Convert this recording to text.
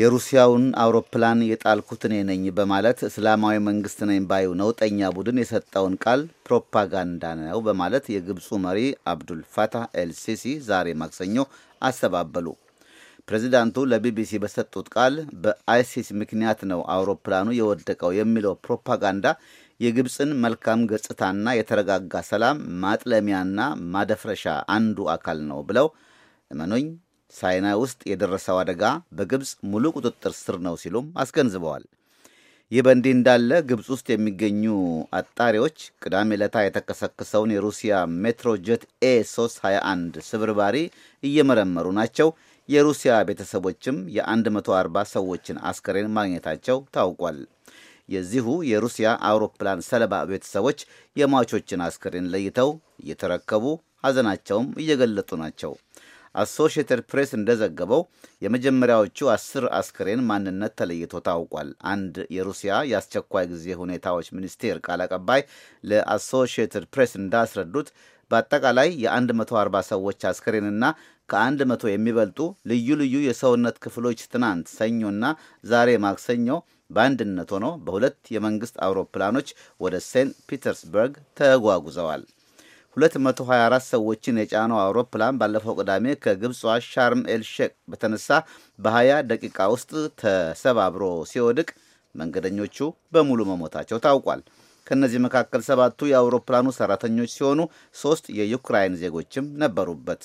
የሩሲያውን አውሮፕላን የጣልኩት እኔ ነኝ በማለት እስላማዊ መንግስት ነኝ ባዩ ነውጠኛ ቡድን የሰጠውን ቃል ፕሮፓጋንዳ ነው በማለት የግብፁ መሪ አብዱል ፋታህ ኤልሲሲ ዛሬ ማክሰኞ አስተባበሉ። ፕሬዚዳንቱ ለቢቢሲ በሰጡት ቃል በአይሲስ ምክንያት ነው አውሮፕላኑ የወደቀው የሚለው ፕሮፓጋንዳ የግብፅን መልካም ገጽታና የተረጋጋ ሰላም ማጥለሚያና ማደፍረሻ አንዱ አካል ነው ብለው እመኖኝ ሳይና ውስጥ የደረሰው አደጋ በግብፅ ሙሉ ቁጥጥር ስር ነው ሲሉም አስገንዝበዋል። ይህ በእንዲህ እንዳለ ግብፅ ውስጥ የሚገኙ አጣሪዎች ቅዳሜ ዕለታ የተከሰከሰውን የሩሲያ ሜትሮጀት ኤ 321 ስብርባሪ እየመረመሩ ናቸው። የሩሲያ ቤተሰቦችም የ140 ሰዎችን አስከሬን ማግኘታቸው ታውቋል። የዚሁ የሩሲያ አውሮፕላን ሰለባ ቤተሰቦች የሟቾችን አስከሬን ለይተው እየተረከቡ ሐዘናቸውም እየገለጡ ናቸው። አሶሽየትድ ፕሬስ እንደዘገበው የመጀመሪያዎቹ አስር አስክሬን ማንነት ተለይቶ ታውቋል። አንድ የሩሲያ የአስቸኳይ ጊዜ ሁኔታዎች ሚኒስቴር ቃል አቀባይ ለአሶሺየትድ ፕሬስ እንዳስረዱት በአጠቃላይ የ140 ሰዎች አስክሬንና ከአንድ መቶ የሚበልጡ ልዩ ልዩ የሰውነት ክፍሎች ትናንት ሰኞና ዛሬ ማክሰኞ በአንድነት ሆኖ በሁለት የመንግሥት አውሮፕላኖች ወደ ሴንት ፒተርስበርግ ተጓጉዘዋል። 224 ሰዎችን የጫነው አውሮፕላን ባለፈው ቅዳሜ ከግብጿ ሻርም ኤልሼቅ በተነሳ በ20 ደቂቃ ውስጥ ተሰባብሮ ሲወድቅ መንገደኞቹ በሙሉ መሞታቸው ታውቋል። ከእነዚህ መካከል ሰባቱ የአውሮፕላኑ ሰራተኞች ሲሆኑ ሶስት የዩክራይን ዜጎችም ነበሩበት።